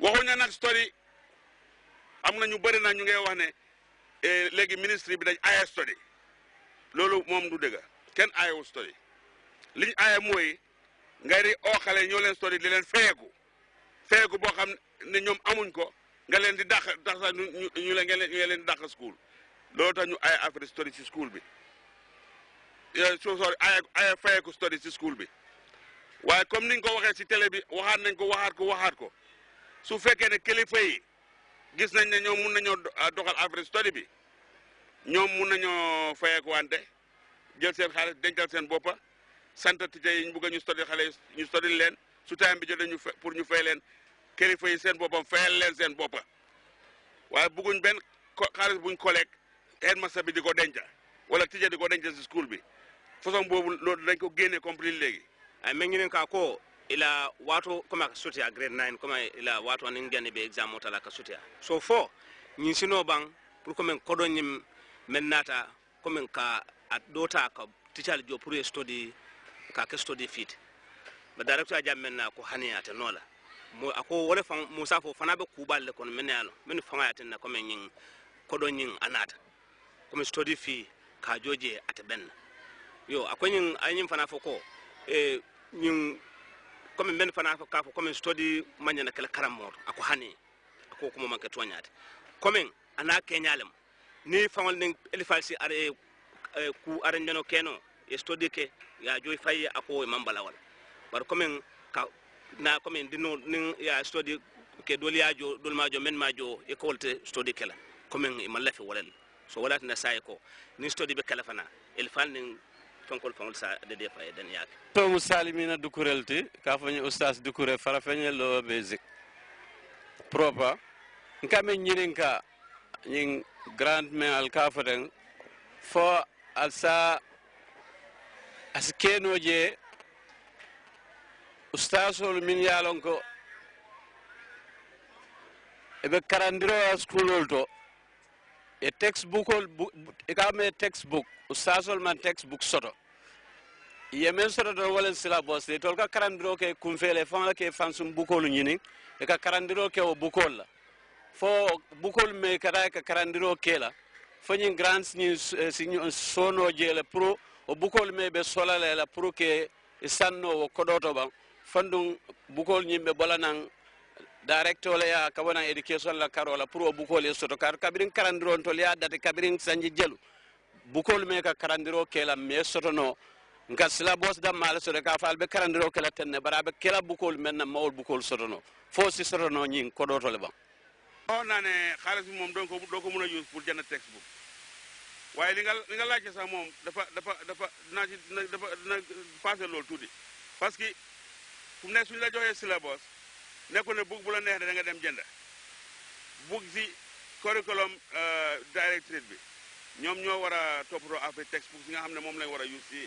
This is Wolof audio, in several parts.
waxuñu nag study am na ñu bëri na ñu ngay wax ne eh, léegi ministre bi dañ aaye study loolu moom du dëgg kenn aayewul study liñ aaye mooy nga di oo xale ñoo leen study di leen feyeeku feyeeku boo xam ne ñoom amuñ ko nga leen di dàq tax sax ñu ñu leen ñu leen di dàq school loolu tax ñu aaye affaire study si school bi eh, so sorry aaye aaye feyeeku study si school bi waaye comme niñ ko waxee si télé bi waxaat nañ ko waxaat ko waxaat ko su fekkee ne kilifa yi gis nañ ne ñoom mun nañoo ah, doxal affaire study bi ñoom mun nañoo fayeeku wante jël seen xaalis dencal seen boppa sant tije yi ñu bëgg ñu study xale ñu study leen su time bi jotee ñu pour ñu fay leen kilifa yi seen boppam fayal leen seen boppa waaye bëgguñ benn xaalis buñ collègue headmaster bi di ko denca wala tije di ko denca si school bi façon boobu loolu dañ ko génnee complet léegi ay mengi nen ko ah, ila wato koma ka sutiya grade 9 koma ila wato anin gani be exam mota ka sutiya so fo nyin sino ban pour comme kodo nyim men nata comme ka at dota ka teacher jo pour study ka ke study fit ba director ajam men na ko haniya ta nola mo ako wala fan musa fo fana be kubal le kon men yalo men fanga ya tan comme nyin kodo nyin anata comme study fi ka joje at ben yo akonyin anyin fana fo ko e eh, nyin comme men fana ko kafo komin stodi manyana kala karam mo ako hani ako kuma manke toñade comme ana kenyalem ni fawal nin elifalsi si are eh, ku are ñano keno e study ke ya joy fayi ako e mambala mambalawal bar comme ka na komin dino nin ya study ke jo doliyajo dolmajo men majo e kolte stodi kala comme e mallafe walal so walati na saye ko ni study be kala fana elifal nin tonkol faŋol sa ka foñi oustas dukure farafeñe lo basic propa nkame ñirin ka ñin grand main al ka fo al sa asi keno je ustasolu min yalon ko eɓe karandiroya skulol to e textbookol e kame textbook ustasol man textbook soto ye men sototo walen sila bosde tol ka karandiro ke kunfele fanga ke fansum bukolu ñini e ka karandiro ke o bukol la fo bukol me kata e ka karandiro ke la fo ñin grants eh, ñin sono je jele pro o bukol me be solale la pour ke sanno o kodoto ba fandum bukol ñin be bolanan directeur le ya kabana education la karola pour o bukol e soto kar kabirin karandiro tol ya date kabirin sanji jelu bukol me ka karandiro ke la me sotono nka sila bos dam mala sore ka fal be karandiro kala tenne bara be kela bukol menna mawol bukol sotono fo si sotono nyin ko ko muna use pour jana textbook waye li nga li nga laaj sax mom dafa dafa dafa dina ci dafa dina passé lool tuuti parce que fu mu ne suñu la joxee syllabus nekkul ne bug bu la neex da nga dem jënd bug si curriculum euh, directrice bi ñoom ñoo war a toppatoo affaire textbook si nga xam ne moom lañ war a use si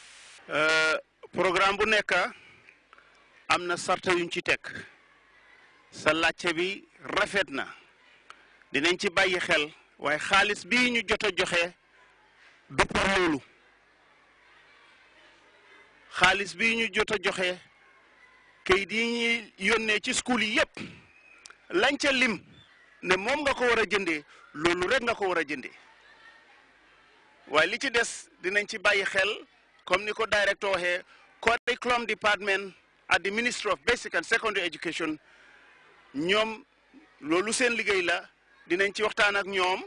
Euh, programme bu nekk am na sarta yuñ ci teg sa laajte bi rafet na dinañ ci bàyyi xel waaye xaalis bii ñu jot a joxe du loolu xaalis bii ñu jot a joxe kayit yi ñuy yónnee ci school yi yëpp lañ lim ne moom nga ko war a jëndee loolu rek nga ko war a jëndee waaye li ci des dinañ ci bàyyi xel. comme ni ko directeur waxee curriculum department at the ministry of basic and secondary education ñoom loolu seen liggéey la dinañ ci waxtaan ak ñoom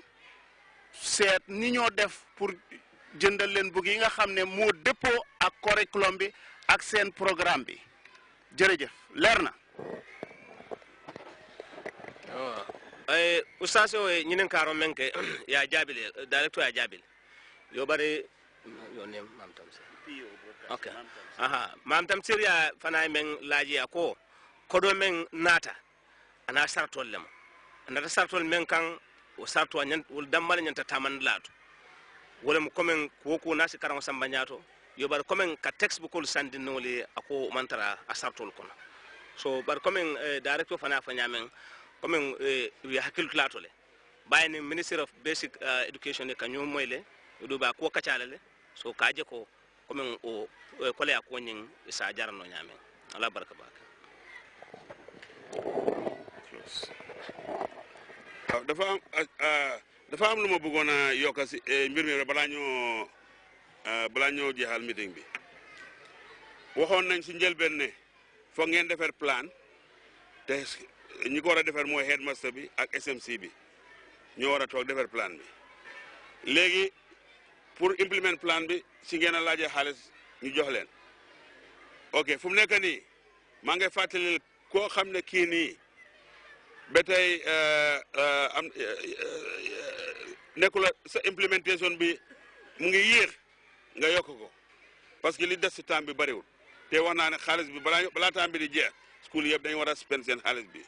seet ni ñoo def pour jëndal leen bug yi nga xam ne moo dëppoo ak curriculum bi ak seen programme bi jërëjëf leer na oh. eh, ustaas o eh, ñi nen kaaro men ke yaa jaabil directeur yaa jaabil yo bari yoo ne mam tam ok aha mam tam siriya fana men laajiya ko kodo men naata ana sartol lema anata sartol men eh, kan o sarto wol dammala ñanta tamandi laato wolem commen kuwo ko naasi karaŋo samba ñaato yo bari commen ka textebookolu sandinniŋo le a ko mantara a saratol kono so bari commen eh, directo fana fa ñaameŋ commen eh, ye le baye ministre of basic eh, education ka ñoo moy le ɗo ba kuwo kacala le so ka je ko komin o ya ko nyin isa jar no nyamin Allah barka baka ah, dafa ah, ah, dafa am lu ma bëggoon a eh, mbir mi balaa ñoo balaa meeting bi waxon nañ si ben ne fo ngeen defar plan te ñi ko wara a moy headmaster bi ak SMC bi ñoo wara tok toog plan bi legi pour implement plan bi ci ngeen laaje laajee ñu jox leen ok fu mu nekk ni ma ngi fàttali ko xam ne kii nii ba tey euh, euh, am euh, nekkula sa implementation bi mu ngi yéex nga yokk ko parce que li des si temps bi bëriwul te wax naa ne xaalis bi balaa balaa temps bi di jeex school yëpp dañu war a spend seen xaalis bi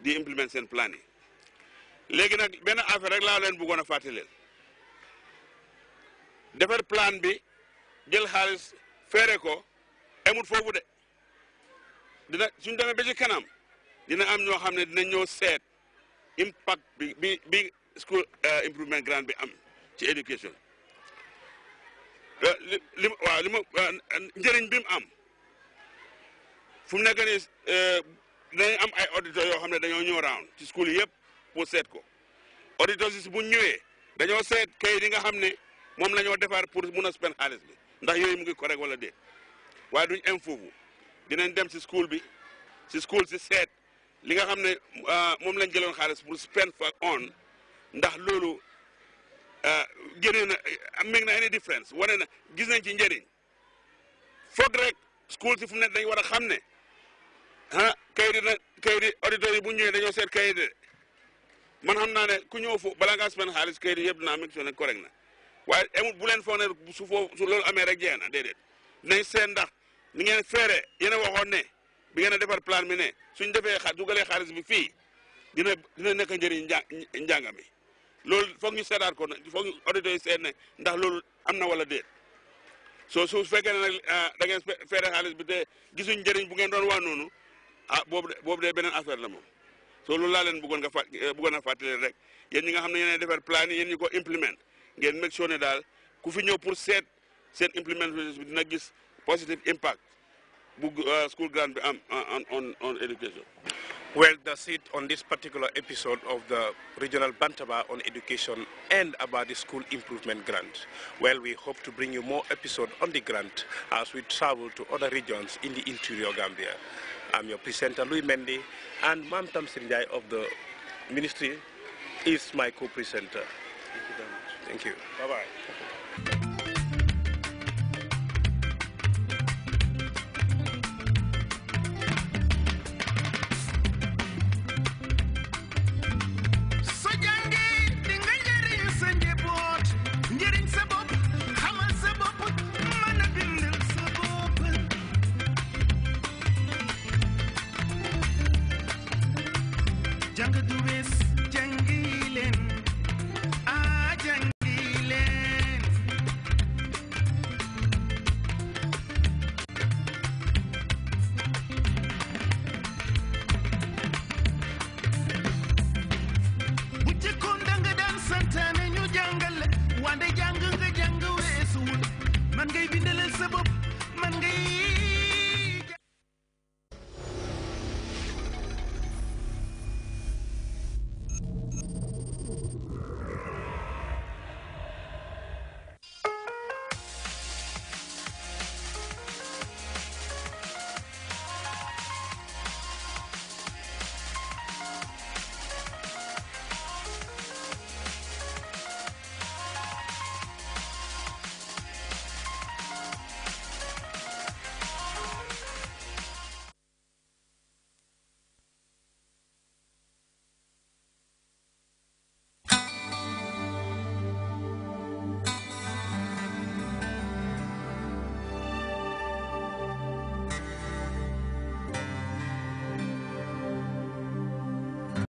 di implement seen plan yi léegi nag benn affaire rek laa leen bëggoon a fàttaleel defar plan bi jël xaalis feere ko emut foofu de dina suñ demee ba ci kanam dina am ñoo xam ne dina ñëw seet impact bi bi bi school euh, improvement grant bi am ci éducation euh, li waaw li ma euh, njëriñ bi mu am fum mu nekk nii am ay auditeurs yoo xam ne dañoo ñëw round ci school yëpp pour seet ko auditeurs yi bu ñëwee dañoo seet kayit yi nga xam ne moom la ñoo defar pour mun spend xaalis bi ndax yooyu mu ngi correct wala déet waaye duñ em foofu dinañ dem si school bi si school si seet li nga xam ne euh, lañ jëloon xaalis pour spend for on ndax loolu euh, génne na euh, make na any difference wane na gis nañ ci njëriñ foog rek school si fu mu ne dañ war a xam ne ah kayit na kayit auditeurs bu ñëwee dañoo seet kayit man xam naa ne ku ñëw fu balaa ngaa spend xaalis kayit yëpp dinaa am correct na waaye amul bu leen foog ne su foofu su loolu amee rek jeex na déedéet nañ seen ndax ni ngeen feere yéen a waxoon ne bi ngeen a defar plan bi ne suñ defee xa dugalee xaalis bi fii dina dina nekk njëriñ njà njàng mi loolu foog ñu seetaat ko foog ñu auditeurs yi seet ne ndax loolu am na wala déet soo su fekkee ne nag ah, da ngeen feere xaalis bi te gisuñ njëriñ bu ngeen doon wax noonu ah boobu de boobu de beneen affaire la moom soo loolu laa leen bëggoon nga fà eh, bëggoon a rek yéen ñi nga xam ne yéenay defar plan yéen ñi ko implement ngeen make sure ne daal ku fi ñëw pour seet seen implementation bi dina gis positive impact bu euh, school grant bi am on on education. Well, that's it on this particular episode of the regional Bantaba on education and about the school improvement grant. Well, we hope to bring you more episodes on the grant as we travel to other regions in the interior Gambia. I'm your presenter, Louis Mendy, and Mam Tam of the ministry is my co-presenter. Thank you. Bye bye.